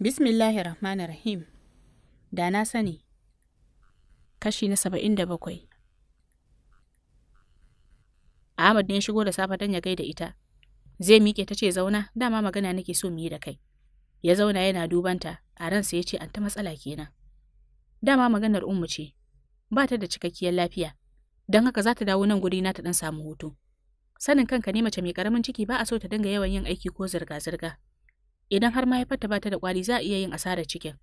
Bismillahir Rahmanir Rahim. Da na sani. Kashi na saba'in da bakwai. Ahmad ne ya shigo da safe don ya gaida ita. Zai miƙe ta ce zauna, dama magana nake so mu yi da kai. Ya zauna yana dubanta, a ransa ya ce an ta matsala kenan. Dama maganar ummu ce, ba ta da cikakkiyar lafiya, don haka za ta dawo nan guri na ta ɗan samu hutu. Sanin kanka ne mace mai ƙaramin ciki ba a so ta dinga yawan yin aiki ko zirga-zirga, Idan har mahaifarta ba ta da kwari za a iya yin asarar cikin.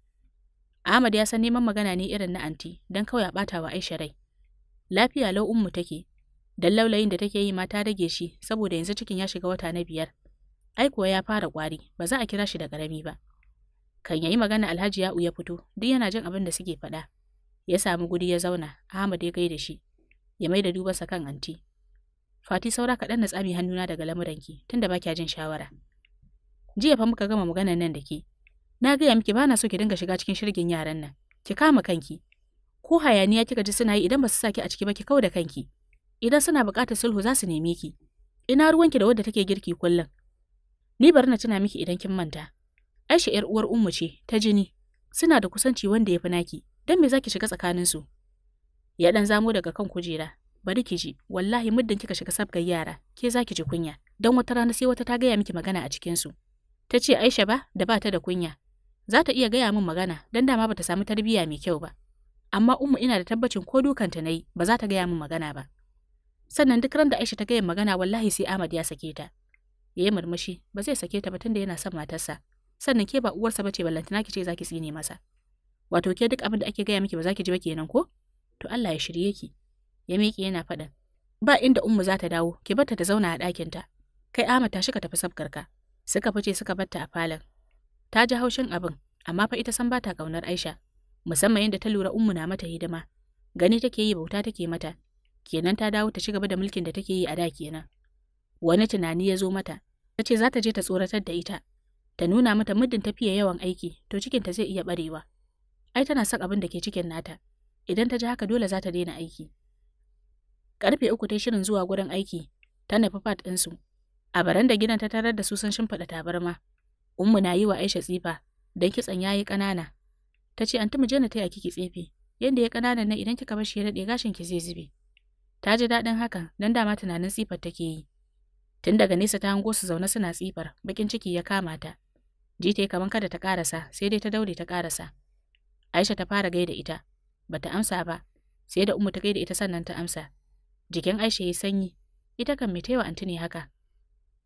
Ahmad ya san neman magana ne irin na anti don kawai a ɓata wa Aisha rai. Lafiya lau ummu take, dan laulayin da take yi ma ta rage shi saboda yanzu cikin ya shiga wata na biyar. Ai kuwa ya fara kwari, ba za a kira shi da karami ba. Kan yayi magana Alhaji Ya'u ya fito, duk yana jin abin da suke faɗa. Ya samu guri ya zauna, Ahmad ya gaida shi, ya mai da dubarsa kan anti. Fati saura kaɗan na tsami hannuna daga lamuranki, tunda ba kya jin shawara. Jiya fa muka gama magana nan da ke. Na gaya miki bana so ki dinga shiga cikin shirgin yaran nan. Ki kama kanki. Ko hayaniya kika ji suna yi idan ba su saki a ciki ba ki kau da kanki. Idan suna buƙatar sulhu za su neme ki. Ina ruwan ki da wadda take girki kullum. Ni bari na tuna miki idan kin manta. Aisha ‘yar uwar Ummu ce ta jini. Suna da kusanci wanda ya fi naki. don me zaki shiga tsakaninsu? Ya ɗan zamo daga kan kujera. Bari ki ji, wallahi muddin kika shiga sabgar yara, ke zaki ji kunya. Dan wata rana sai wata ta gaya miki magana a cikinsu. Ta ce Aisha ba da ba ta da kunya. Za ta iya gaya min magana don dama ba ta samu tarbiyya mai kyau ba. Amma Ummu ina da tabbacin ko dukanta na yi ba za ta gaya min magana ba. Sannan duk ran da Aisha ta gaya magana wallahi sai Ahmad ya sake ta. Ya yi murmushi ba zai sake ta ba tunda yana son matarsa. Sannan ke ba uwarsa ba ce ballantana ki ce za ki tsine masa. Wato ke duk abin da ake gaya miki ba za ki ji ba kenan ko? To Allah ya shirye ki. Ya miƙe yana faɗin. Ba inda Ummu za ta dawo, ki barta ta zauna a ɗakinta. Kai Ahmad ta shika tafi sabkarka. Suka fice suka batta a falon. Ta ji haushin abin, amma fa ita san bata ƙaunar Aisha, musamman yadda ta lura ummu na mata hidima. Gani take yi bauta take mata, kenan ta dawo ta ci da mulkin da take yi a da kenan. Wani tunani ya zo mata, ta ce za ta je ta tsoratar da ita, ta nuna mata muddin ta fiye yawan aiki, to cikinta zai iya barewa. Ai tana son abin da ke cikin nata, idan ta ji haka dole za ta daina aiki. Karfe uku ta shirin zuwa gurin aiki, ta nufi fat ɗinsu, A baranda gidan ta tarar da su sun shimfiɗa tabarma. Ummu na yi wa Aisha tsifa don kitson yayi ƙanana. Ta ce anti mu je na taya kiki tsefe. Yadda ya ƙananan nan idan kika bar shi ya daɗe gashin ki zai zube. Ta ji daɗin hakan don dama tunanin tsifar take yi. Tun daga nesa ta hango su zaune suna tsifar, bakin ciki ya kama ta. Ji ta kamar kada ta ƙarasa, sai dai ta daure ta ƙarasa. Aisha ta fara gaida ita, bata amsa ba, sai da Ummu ta gaida ita sannan ta amsa. Jikin Aisha ya sanyi, ita kan mai taiwa anti ne haka.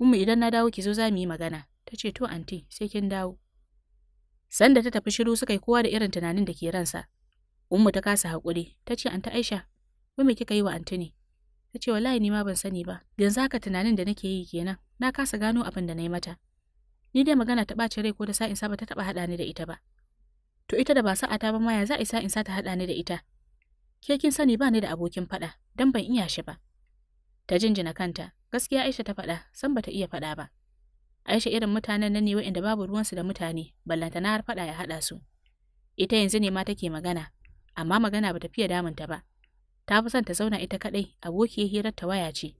Ummu idan na dawo ki zo za mu yi magana. Ta ce to anti sai kin dawo. Sanda ta tafi shiru suka yi kowa da irin tunanin da ke ransa. Ummu ta kasa haƙuri. Ta ce anta Aisha, wai me kika yi wa anti ne? Ta ce wallahi ni ma ban sani ba. Yanzu haka tunanin da nake yi kenan. Na kasa gano abin da na yi mata. Ni dai magana ta ɓaci rai ko da sa'in in ba ta taɓa haɗa ni da ita ba. To ita da ba sa'ata ba ma ya za a sa'in sa ta haɗa ni da ita. Ke kin sani ba ni da abokin faɗa, dan ban iya shi ba. Ta jinjina kanta, Gaskiya Aisha ta faɗa, san bata iya faɗa ba. Aisha irin mutanen nan ne waɗanda babu ruwansu da mutane, ballanta na har faɗa ya haɗa su. Ita yanzu ne ma take magana, amma magana bata fiye damunta ba. Ta fi son ta zauna ita kaɗai, ya hirar ta waya ce.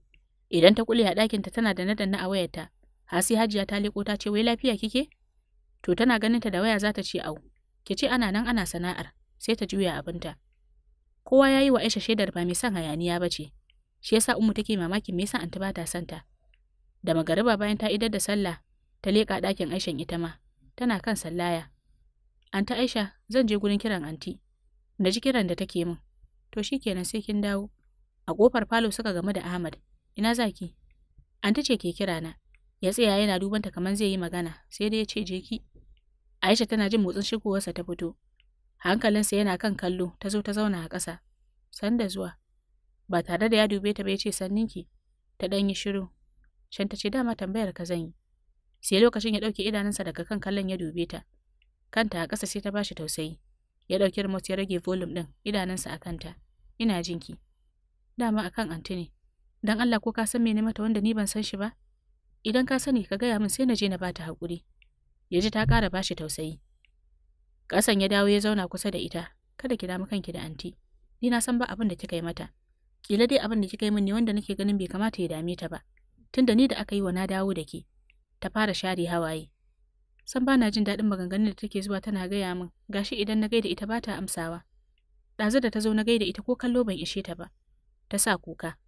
Idan ta kulle a ɗakinta tana da nadan na a wayarta, hasi hajiya ta leƙo ta ce wai lafiya kike? To tana ganin ta da waya za ta ce au, ki ce ana nan ana sana'ar, sai ta juya abinta. Kowa ya yi wa Aisha shaidar ba mai son hayaniya ba ce, shi yasa ummu take mamakin me yasa anta ba ta santa da magariba bayan ta idar da sallah ta leka ɗakin Aishan ita ma tana kan sallaya anta Aisha zan je gurin kiran anti da ji kiran da take min to shikenan sai kin dawo a kofar falo suka gamu da Ahmad ina zaki anti ce ke kira na ya tsaya yana dubanta kamar zai yi magana sai dai ya ce je ki Aisha tana jin motsin shigowarsa ta fito hankalinsa yana kan kallo ta zo ta zauna a ƙasa sanda zuwa ba tare da ya dube ta ba ya ce sanninki ta ɗan yi shiru shan ta ce dama tambayar ka zan yi sai lokacin ya ɗauke idanunsa daga kan kallon ya dube ta kanta a ƙasa sai ta bashi tausayi ya ɗauki remote ya rage volume ɗin idanunsa a kanta ina jinki dama akan anti ne dan Allah ko ka san me mene mata wanda ni ban san shi ba idan ka sani ka gaya min sai na je na bata hakuri ya ji ta ƙara bashi tausayi ƙasan ya dawo ya zauna kusa da ita kada ki damu kanki da anti ni na san ba abin da kika yi mata Kila dai abin da kika yi min ne wanda nake ganin bai kamata ya dame ta ba. Tunda ni da aka yi wa na dawo da ke. Ta fara share hawaye. San bana jin daɗin maganganun da take zuwa tana gaya min, gashi idan na gaida ita ba ta amsawa. Ɗazu da ta zo na gaida ita ko kallo ban ishe ta ba. Ta sa kuka.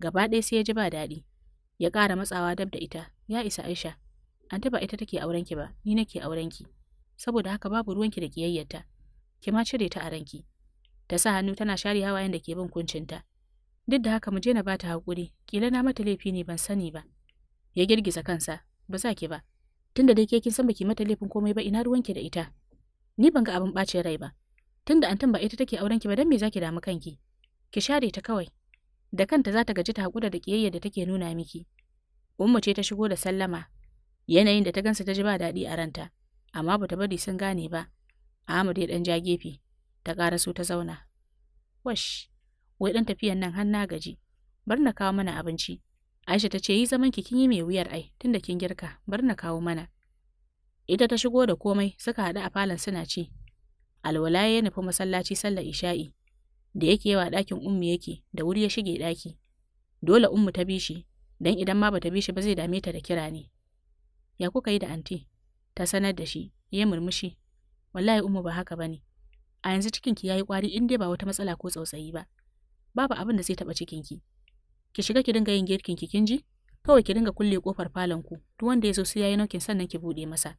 Gaba ɗaya sai ya ji ba daɗi. Ya ƙara matsawa dab da ita, ya isa Aisha. Anta ba ita take aurenki ba, ni nake aurenki. Saboda haka babu ruwanki da ƙiyayyarta. Ki ma cire ta a ranki. Ta sa hannu tana share hawayen da ke bin kuncinta. duk da haka mu je na ba ta haƙuri kila na mata laifi ne ban sani ba ya girgiza kansa ba za ki ba tunda dai ke kin san baki mata laifin komai ba ina ruwanki da ita ni ban ga abin bacin rai ba tunda antan ba ita take auren ki ba dan me zaki damu kanki ki share ta kawai da kanta za ta gaji ta haƙura da ƙiyayya da take nuna miki ummu ce ta shigo da sallama yanayin da ta gansa ta ji ba daɗi a ranta amma ba ta bari sun gane ba Ahmad ya ɗan ja gefe ta ƙara su ta zauna wash wai dan tafiyan nan har na gaji bar na kawo mana abinci Aisha ta ce yi zaman ki kin yi mai wuyar ai tunda kin girka bar na kawo mana ita ta shigo da komai suka haɗu a falon suna ci alwala ya nufi masallaci sallar isha'i da yake yawa ɗakin ummi yake da wuri ya shige ɗaki dole ummu ta bi shi don idan ma bata bi shi ba zai dame ta da kira ne ya kuka yi da anti ta sanar da shi ya murmushi wallahi ummu ba haka bane a yanzu cikinki ya yi kwari in dai ba wata matsala ko tsautsayi ba babu abin da zai taɓa cikinki. Ki shiga ki dinga yin girkin ki kinji ji? Kawai ki dinga kulle kofar falon ku, duk wanda ya zo sai yayi nokin sannan ki buɗe masa.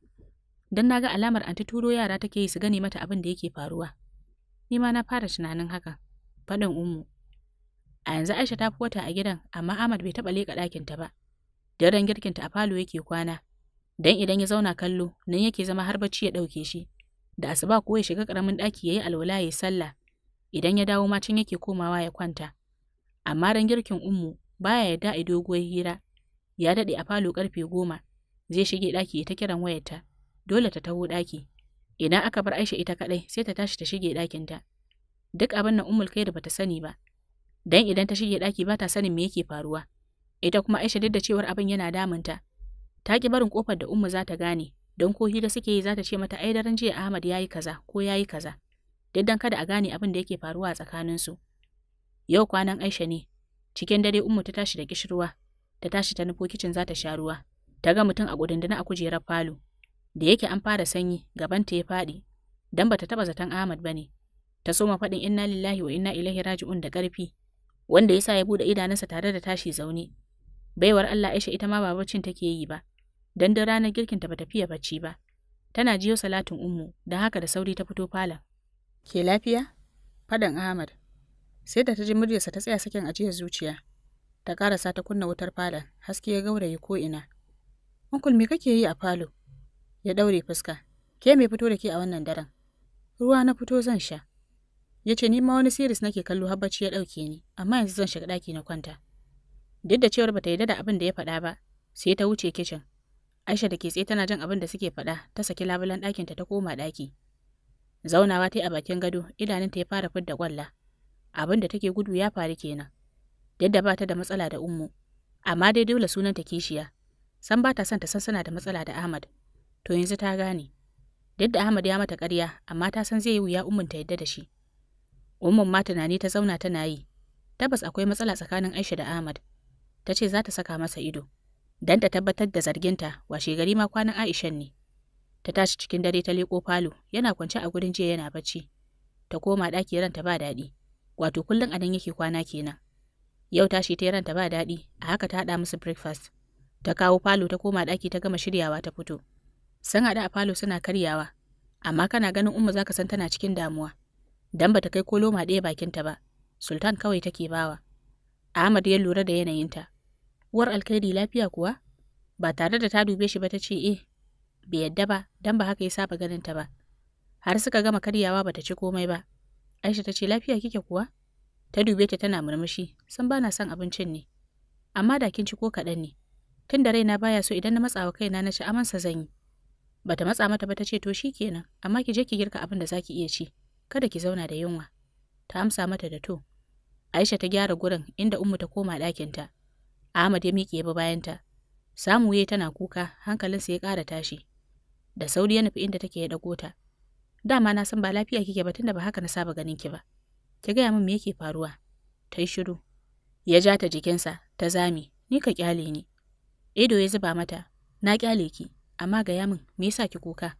Dan na ga alamar anti turo yara take yi su gane mata abin da yake faruwa. Ni ma na fara tunanin haka. Faɗin ummu. A yanzu Aisha ta fi wata a gidan, amma Ahmad bai taɓa leƙa ta ba. Daren ta a falo yake kwana, dan idan ya zauna kallo nan yake zama har bacci ya ɗauke shi da asuba ko ya shiga karamin ɗaki yayi alwala yayi sallah idan ya dawo ma can yake komawa ya kwanta. Amma ran girkin Ummu baya yarda a doguwar hira, ya daɗe a falo ƙarfe goma, zai shige ɗaki ta kiran wayarta, dole ta taho ɗaki. Idan aka bar Aisha ita kaɗai sai ta tashi ta shige ɗakinta. Duk abin nan Ummul kai da bata sani ba, dan idan ta shige ɗaki ba ta sanin me yake faruwa. Ita kuma Aisha duk da cewar abin yana damunta, ta ki barin kofar da Ummu za ta gane, don ko hira suke yi za ta ce mata ai daren jiya Ahmad yayi kaza ko yayi kaza. duk don kada a gane abin da yake faruwa a tsakaninsu. Yau kwanan Aisha ne, cikin dare Ummu ta tashi da kishirwa, ta tashi ta nufo kicin za ta sha ruwa, ta ga mutum a gudunduna a kujerar falo, da yake an fara sanyi gaban ta ya faɗi, dan bata taɓa zaton Ahmad ba ne? Ta soma faɗin inna lillahi wa inna ilaihi raji'un da ƙarfi, wanda yasa ya bude idanunsa tare da tashi zaune. Baiwar Allah Aisha ita ma ba baccin take yi ba, dan da ranar girkin ta bata fiye bacci ba. Tana jiyo salatin ummu, da haka da sauri ta fito falon. Ke lafiya? Faɗin Ahmad. Sai da ta ji muryarsa ta tsaya sakin ajiyar zuciya. Ta ƙarasa ta kunna wutar falon, haske ya gauraye ko'ina. Unkul me kake yi a falo? Ya ɗaure fuska. Ke me fito da ke a wannan daren? Ruwa na fito zan sha. Ya ce ni ma wani siris nake kallo har bacci ya ɗauke ni, amma yanzu zan shiga ɗaki na kwanta. Duk da cewar bata yarda da abin da ya faɗa ba, sai ta wuce kicin. Aisha da ke tsaye tana jin abin da suke faɗa, ta saki labulen ɗakinta ta koma ɗaki. Zaunawa ta yi a bakin gado, idanunta ya fara fidda ƙwalla. Abin da take gudu ya faru kenan. Yadda ba ta da matsala da Ummu, amma dai dole sunanta kishiya. San bata son ta san sana da matsala da Ahmad. To yanzu ta gane. Duk da Ahmad ya mata ƙarya, amma ta san zai yi wuya Ummun ta yadda da shi. Ummun ma tunani ta zauna tana yi. Tabbas akwai matsala tsakanin Aisha da Ahmad. Ta ce za ta saka masa ido. Dan ta tabbatar da zarginta, washe gari ma kwanan Aishan ne. Ta tashi cikin dare ta leƙo falo, yana kwance a gurin jiya yana bacci. Ta koma ɗaki ranta ba daɗi, wato kullum a nan yake kwana kenan. Yau tashi ta ranta ba daɗi, a haka ta haɗa musu breakfast. Ta kawo falo ta koma ɗaki ta gama shiryawa ta fito. San haɗu a falo suna karyawa, amma kana ganin Umma zaka san tana cikin damuwa. Dan bata kai koloma ma ɗaya ta ba, Sultan kawai take bawa. Ahmad ya lura da yanayinta. Uwar alkhairi lafiya kuwa? Ba tare da ta dube shi ba ta ce eh, bai yadda ba don ba haka ya saba ganin ta ba har suka gama karyawa bata ci komai ba Aisha ta ce lafiya kike kuwa ta dube ta tana murmushi san bana son abincin ne amma da kin ci ko kaɗan ne tun da raina baya so idan na matsawa kaina na ci amansa zan yi bata matsa mata ba ta ce to shi kenan. amma ki je ki girka abin da zaki iya ci kada ki zauna da yunwa ta amsa mata da to Aisha ta gyara gurin inda Ummu ta koma ta Ahmad ya miƙe ba ta Samu ya tana kuka, hankalinsa ya ƙara tashi. Da sauri ya nufi inda take ya ɗago ta. Dama na san ba lafiya kike ba tunda ba haka na saba ganin ki ba. Ki gaya min me yake faruwa? Ta yi shiru. Ya ja ta jikinsa, ta zame, ni ka kyale ni. Ido ya zuba mata, na kyale ki, amma gaya min me yasa ki kuka?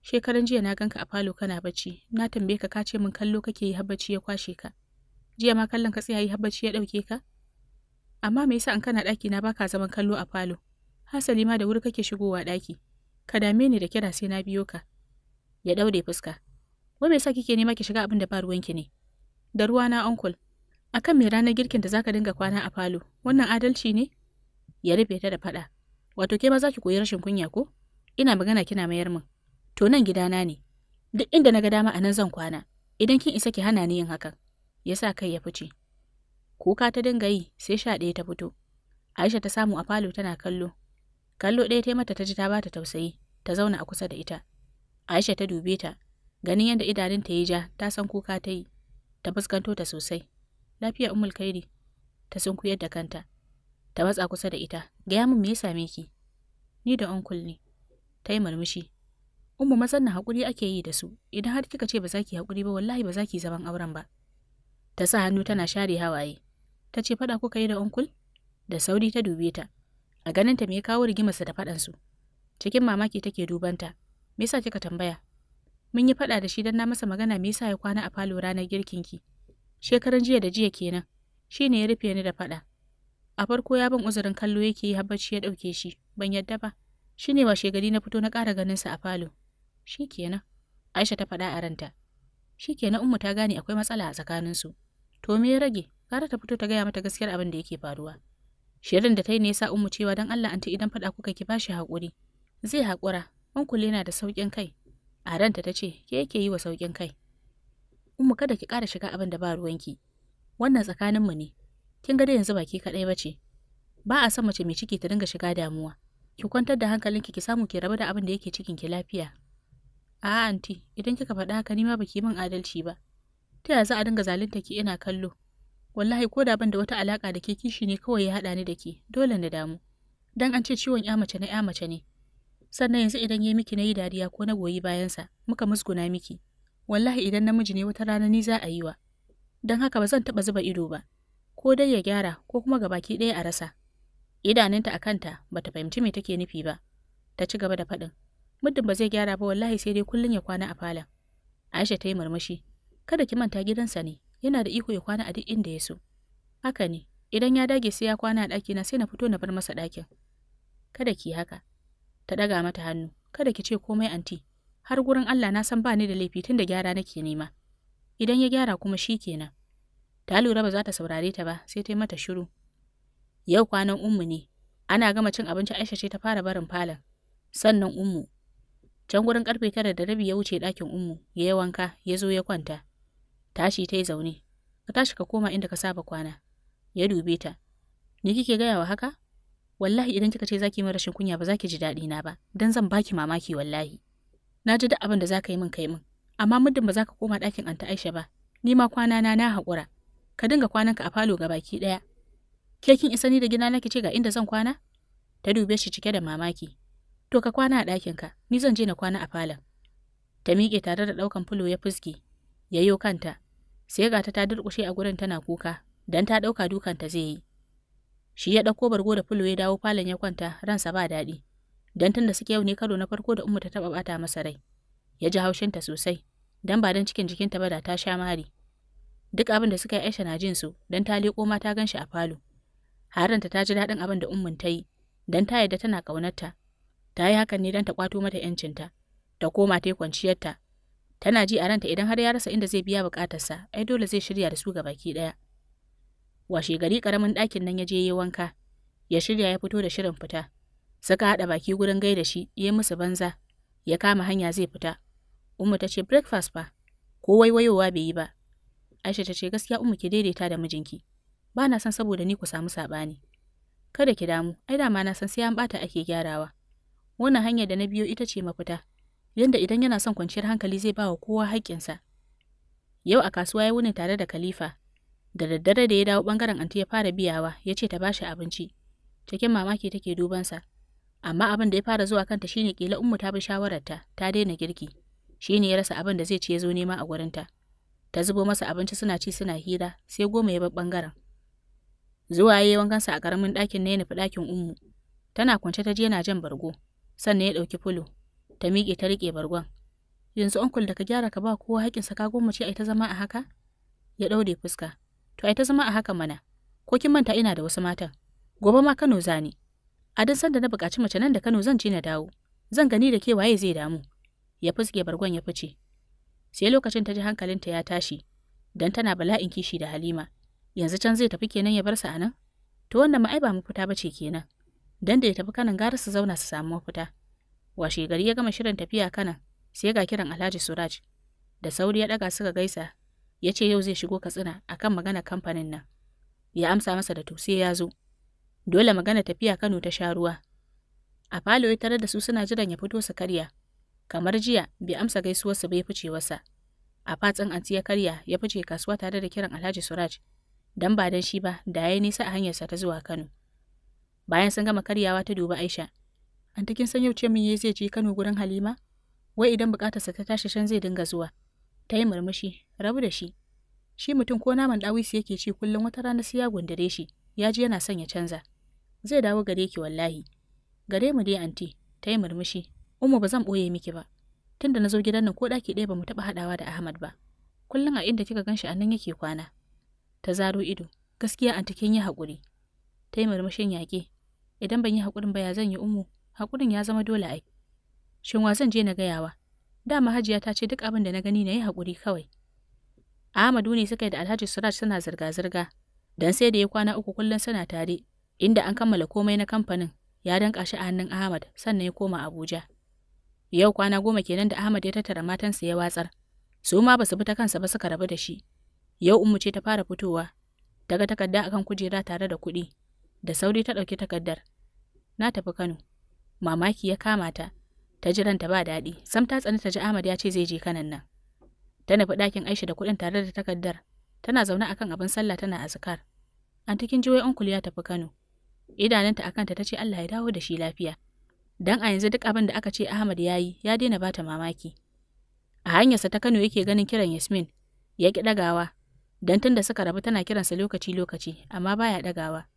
Shekaran jiya na ganka a falo kana bacci, na tambaye ka ka ce min kallo kake yi habbaci ya kwashe ka. Jiya ma kallon ka tsaya yi habbaci ya ɗauke ka? Amma me yasa in kana ɗaki na baka zaman kallo a falo? Hasali ma da wuri kake shigowa ɗaki. ka dame ni da kira sai na biyo ka ya daure fuska wai me yasa kike nema ki shiga abin da ba ruwanki ne da ruwa na uncle akan me ranar girkin da zaka dinga kwana a falo wannan adalci ne ya rufe ta da fada wato ke ma za ki koyi rashin kunya ko ina magana kina mayar min to nan gidana ne duk inda na ga dama anan zan kwana idan kin isa ki hana ni yin hakan ya sa kai ya fice kuka ta dinga yi sai sha ɗaya ta fito aisha ta samu a falo tana kallo kallo ɗaya ta mata ta ji ta bata tausayi ta zauna a kusa da ita. Aisha ta dube ta, ganin yadda idanun ta ya ja, ta san kuka ta yi, ta fuskanto ta sosai. Lafiya Ummul Kairi ta sunkuyar da kanta. Ta matsa kusa da ita, gaya min me ya same ki? Ni da onkul ne. Ta yi murmushi. Ummu mazan na haƙuri ake yi da su, idan har kika ce ba za ki haƙuri ba wallahi ba za ki zaman auren ba. Ta sa hannu tana share hawaye. Ta ce faɗa kuka yi da onkul? Da sauri ta dube ta. A ganin ta me ya kawo rigimarsa da faɗansu. su. Cikin mamaki take dubanta. Me yasa kika tambaya? Mun yi faɗa da shi don na masa magana me yasa ya kwana a falo ranar girkin ki? Shekaran jiya da jiya kenan. Shi ne ya rufe ni da faɗa. A farko ya ban uzurin kallo yake yi habbaci ya ɗauke shi. Ban yadda ba. Shi ne washe gari na fito na ƙara ganinsa a falo. Shi kenan. Aisha ta faɗa a ranta. Shi kenan Ummu ta gane akwai matsala a tsakaninsu. To me ya rage? Gara ta fito ta gaya mata gaskiyar abin da yake faruwa. Shirin da ta yi ne ya sa Ummu cewa don Allah anti idan faɗa kuka ki bashi haƙuri. Zai haƙura, Ankul na da sauƙin kai. A ta ce, ke yake yi wa sauƙin kai. Umu, kada ki ƙara shiga abin da ba ruwanki. Wannan tsakaninmu ne. Kin ga da yanzu baki kaɗai ba ce. Ba a son mace mai ciki ta dinga shiga damuwa. Ki kwantar da hankalinki ki samu ki rabu da abin da yake cikin ki lafiya. A'a anti, idan kika faɗa haka ni ma baki min adalci ba. Ta yaya za a dinga zalunta ki ina kallo? Wallahi ko da ban da wata alaƙa da ke kishi ne kawai ya haɗa ni da ke, dole na damu. Dan an ce ciwon ya mace na ya mace ne. sannan yanzu idan ya miki na yi dariya ko na goyi bayansa muka musguna miki wallahi idan namiji ne wata rana ni za a yi wa don haka ba zan taɓa zuba ido ba ko dai ya gyara ko kuma ga baki ɗaya a rasa idanunta a kanta ba ta fahimci me take nufi ba ta ci gaba da faɗin muddin ba zai gyara ba wallahi sai dai kullum ya kwana a falon aisha ta yi murmushi kada ki manta gidansa ne yana da iko ya kwana a duk inda ya so haka ne idan ya dage sai ya kwana a ɗakina sai na fito na bar masa ɗakin kada ki haka ta ɗaga mata hannu kada ki ce komai anti har gurin Allah na san ba ni da laifi tun da gyara nake nema idan ya gyara kuma shi kenan ta lura ba za ta saurare ta ba sai ta yi mata shiru yau kwanan ummu ne ana gama cin abinci Aisha ce ta fara barin falon sannan ummu can gurin karfe tara da rabi ya wuce ɗakin ummu ya yi wanka ya zo ya kwanta tashi ta yi zaune ka tashi ka koma inda ka saba kwana ya dube ta ni kike gaya wa haka wallahi idan kika ce za zaki min rashin kunya ba za ki ji daɗi na ba dan zan baki mamaki wallahi na ji duk abin da ka yi min kai min amma muddin ba za ka koma ɗakin anta Aisha ba ni ma kwana na na haƙura ka dinga kwananka a falo ga baki ɗaya ke kin isa ni da gina nake ce ga inda zan kwana ta dube shi cike da mamaki to ka kwana a ɗakinka ni zan je na kwana a falon ta miƙe tare da ɗaukan fulo ya fuske yayo kanta sai ga ta ta durƙushe a gurin tana kuka dan ta ɗauka dukanta zai yi Shi ya ɗauko bargo da fulo ya dawo falon ya kwanta ransa ba daɗi. Dan tun suke yau ne karo na farko da Ummu ta taɓa ɓata masa rai. Ya ji haushinta sosai, dan ba dan cikin jikinta ba da ta sha mari. Duk abin da suka yi Aisha na jin su, dan ta leƙo ma ta gan a falo. Haranta ta ji daɗin abin da Ummun ta yi, dan ta yarda tana ƙaunarta. Ta yi hakan ne dan ta kwato mata 'yancinta, ta koma ta yi kwanciyarta, tana ji a ranta idan har ya rasa inda zai biya bukatarsa ai dole zai shirya da su ga baki ɗaya. washe gari karamin ɗakin nan ya je yi wanka ya shirya ya fito da shirin fita suka haɗa baki gurin da shi ya yi musu banza ya kama hanya zai fita Umu ta ce breakfast fa ko waiwayowa bai yi ba Aisha ta ce gaskiya Umu ke daidaita da mijinki ba na san saboda ni ku samu saɓani kada ki damu ai dama na san sai an bata ake gyarawa wannan hanyar da na biyo ita ce mafita yanda idan yana son kwanciyar hankali zai ba wa kowa haƙƙinsa yau a kasuwa ya wuni tare da Khalifa da daddare da ya dawo bangaren anti ya fara biyawa ya ce ta bashi abinci cikin mamaki take dubansa amma abin da ya fara zuwa kanta shine kila ummu ta bi shawararta ta daina girki shine ya rasa abin da zai ci ya zo nema a gurin ta ta zubo masa abinci suna ci suna hira sai goma ya bar bangaren zuwa yayi sa a karamin ɗakin na ya nufi ɗakin ummu tana kwance ta je yana jan bargo sannan ya ɗauki fulo ta miƙe ta rike bargon yanzu onkul da ka gyara ka ba kowa sa ka gwammace ai ta zama a haka ya daure fuska To ai ta zama a haka mana. Ko kin manta ina da wasu matan. Gobe ma Kano zani. A san da na buƙaci mace nan da Kano zan ci na dawo. Zan gani da ke waye zai damu. Ya fuske bargon ya fice. Sai lokacin ta ji hankalinta ya tashi. Dan tana bala'in kishi da Halima. Yanzu can zai tafi kenan ya bar sa anan? To wannan ma ai ba mu fita bace kenan. Dan da ya tafi kanan gara su zauna su samu mafita. Washe gari ya gama shirin tafiya kanan. Sai ga kiran Alhaji Suraj. Da sauri ya daga suka gaisa ya ce yau zai shigo katsina a kan magana kamfanin nan ya amsa masa da to ya zo dole magana tafiya kano ta sha ruwa a falo ya tare da su suna jiran ya fito su karya kamar jiya bai amsa gaisuwar su bai fice wasa a fatsin anti ya karya ya fice kasuwa tare da kiran alhaji suraj dan ba dan shi ba da ya nisa a hanyarsa ta zuwa kano bayan sun gama karyawa ta duba aisha takin san yau ce min yayi zai je kano gurin halima wai idan bukatarsa ta tashi shan zai dinga zuwa ta yi murmushi rabu da shi shi mutum ko naman ɗawisu yake ci kullum wata rana sai ya gundare shi ya ji yana son ya canza zai dawo gare ki wallahi gare mu dai anti ta yi murmushi umu ba zan ɓoye miki ba tunda na zo gidan nan ko ɗaki ɗaya ba mu taɓa haɗawa da Ahmad ba kullum a inda kika ganshi a nan yake kwana ta zaro ido gaskiya anti kin yi haƙuri ta yi murmushin yaƙe idan ban yi haƙurin ba ya zan yi umu haƙurin ya zama dole ai shin wa zan je na gayawa Dama Hajiya ta ce duk abin da na gani na yi haƙuri kawai. Ahmadu ne suka yi da Alhaji Suraj suna zirga-zirga, Don sai da ya kwana uku kullum suna tare, inda an kammala komai na kamfanin, ya danƙa shi a hannun Ahmad sannan ya koma Abuja. Yau kwana goma kenan da Ahmad ya tattara matansa ya watsar, su ma ba su bi ta kansa ba suka rabu da shi. Yau Ummu ce ta fara fitowa, daga ga takarda akan kujera tare da kuɗi, da sauri ta ɗauki takardar. Na tafi Kano, mamaki ya kama ta, ta ji ranta ba daɗi sam ta tsani ta ji Ahmad ya ce zai je kanan nan ta nufi ɗakin Aisha da kuɗin tare da takardar tana zaune akan abin sallah tana azkar an tikin jiwai onkul ya tafi Kano idanunta akan ta tace Allah ya dawo da shi lafiya dan a yanzu duk abin da aka ce Ahmad ya yi, ya daina bata mamaki a hanyarsa ta Kano yake ganin kiran Yasmin ya ki ɗagawa dan tunda suka rabu tana kiransa lokaci lokaci amma baya ɗagawa.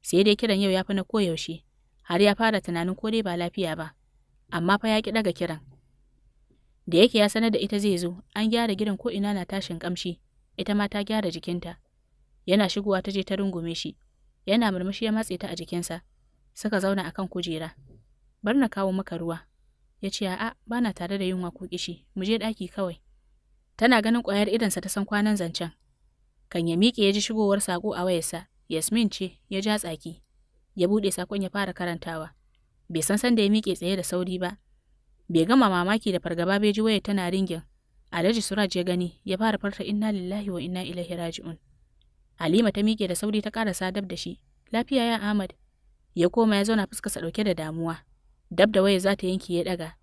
sai dai kiran yau ya fi na koyaushe har ya fara tunanin ko dai ba lafiya ba amma fa ya ki daga kiran. Da yake ya sanar da ita zai zo, an gyara gidan ko ina na tashin kamshi, ita ma ta gyara jikinta. Yana shigowa ta je ta rungume shi, yana murmushi ya matse ta a jikinsa, suka zauna akan kujera. Bar na kawo maka ruwa, ya ce a'a ba na tare da yunwa ko kishi, mu je ɗaki kawai. Tana ganin ƙwayar sa ta san kwanan zancen. Kan ya miƙe ya ji shigowar sako a wayarsa, Yasmin ce ya ja tsaki, ya buɗe sakon ya fara karantawa. bai san san da ya miƙe tsaye da sauri ba bai gama mamaki da fargaba bai ji waya tana ringin alhaji suraj ya gani ya fara farta inna lillahi wa inna ilaihi raji'un halima ta miƙe da sauri ta sa dab da shi lafiya ya ahmad ya koma ya zauna sa ɗauke da damuwa dab da waya za ta yanke ya ɗaga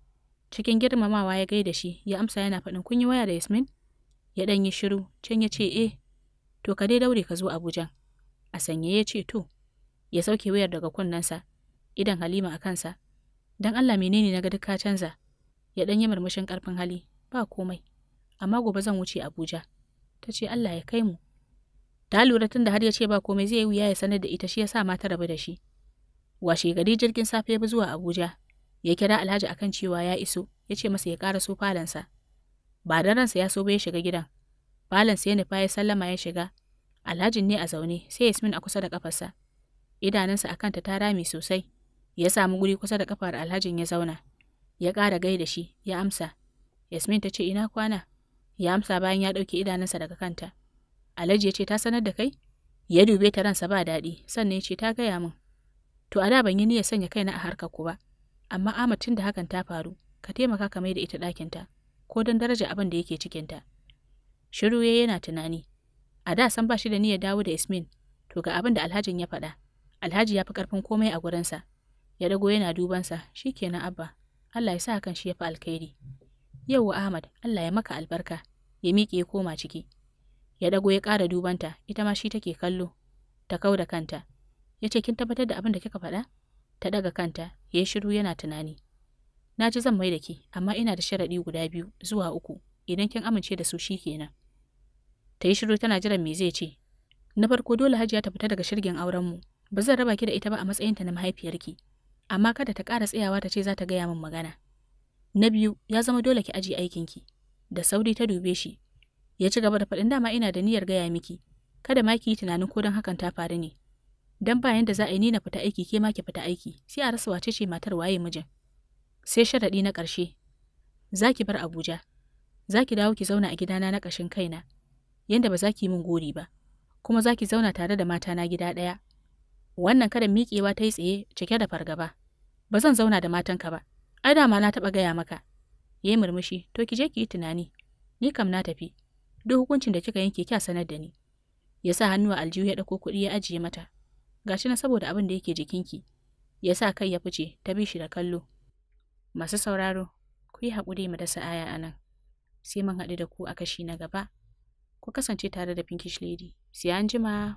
cikin girmamawa ya gaida shi ya amsa yana faɗin kun yi waya da yasmin ya ɗan yi shiru can ya ce eh to ka dai daure ka zo abuja a sanye ya ce to ya sauke wayar daga kunnensa idan Halima a kansa. don Allah menene na ga duk ka canza? Ya dan yi murmushin karfin hali, ba komai. Amma gobe zan wuce Abuja. Ta ce Allah ya kai mu. Ta lura tun da har ya ce ba komai zai wuya ya sanar da ita shi ya ma ta rabu da shi. Washe gari jirgin safe ya bi zuwa Abuja. Ya kira Alhaji akan cewa ya iso, ya ce masa ya ƙara so falonsa. Ba da ransa ya so ba ya shiga gidan. Falansa ya nufa ya sallama ya shiga. Alhajin ne a zaune, sai Yasmin a kusa da kafarsa. Idanunsa akan ta ta rame sosai, Ya samu guri kusa da kafar alhajin ya zauna. Ya ƙara da shi, ya amsa. Yasmin ta ce ina kwana? Ya amsa bayan ya ɗauke idanunsa daga kanta. Alhaji ya ce ta sanar da kai? Ya dube ta ransa ba daɗi, sannan ya ce ta gaya min. To a da ban yi niyyar sanya kaina a harkar ku ba, amma Ahmad tun da hakan ta faru, ka taimaka ka mai da ita ɗakinta, ko don daraja abin da yake cikinta. Shiru ya yana tunani. A da san ba shi da niyyar dawo da Yasmin. to ga abin da Alhajin ya faɗa. Alhaji ya fi ƙarfin komai a gurinsa, ya dago yana dubansa shi kenan abba Allah ya sa kan shi ya fi alkhairi Yau, Ahmad Allah ya maka albarka ya miƙe ya koma ciki ya dago ya ƙara dubanta ita ma shi take kallo ta kau da kanta ya ce kin tabbatar da abin da kika faɗa ta daga kanta ya yi shiru yana tunani na ji zan mai da ki amma ina da sharaɗi guda biyu zuwa uku idan kin amince da su shi kenan ta yi shiru tana jiran me zai ce na farko dole hajiya ta fita daga shirgin aurenmu ba zan raba ki da ita ba a matsayinta na mahaifiyarki amma kada ta ƙara tsayawa ta ce za ta gaya min magana. Na biyu, ya zama dole ki aji aikinki. Da sauri ta dube shi. Ya ci gaba da faɗin dama ina da niyyar gaya miki. Kada ma ki yi tunanin ko don hakan ta faru ne. Dan ba yanda za a yi ni fita aiki ke ma ki fita aiki, sai a rasa wace ce matar waye mijin. Sai sharaɗi na ƙarshe. Za ki bar Abuja. Za ki dawo ki zauna a gidana na ƙashin kaina. Yanda ba za ki yi min gori ba. Kuma za ki zauna tare da matana gida ɗaya. Wannan kadan, miƙewa ta yi tsaye cike da fargaba. Ba zan zauna da matanka ba, ai dama na taɓa gaya maka. Ya yi murmushi, to ki je ki yi tunani, ni kam na tafi, duk hukuncin da kika yanke kya sanar da ni. Ya sa hannu a aljihu ya ɗauko kuɗi ya ajiye mata, Ga shi na saboda abin da yake jikinki. Ya sa kai ya fice ta bi shi da kallo. Masu sauraro, ku yi haƙuri mu dasa aya a nan. Sai mun haɗu da ku a kashi na gaba. Ku kasance tare da Pinkish Lady. Sai an jima.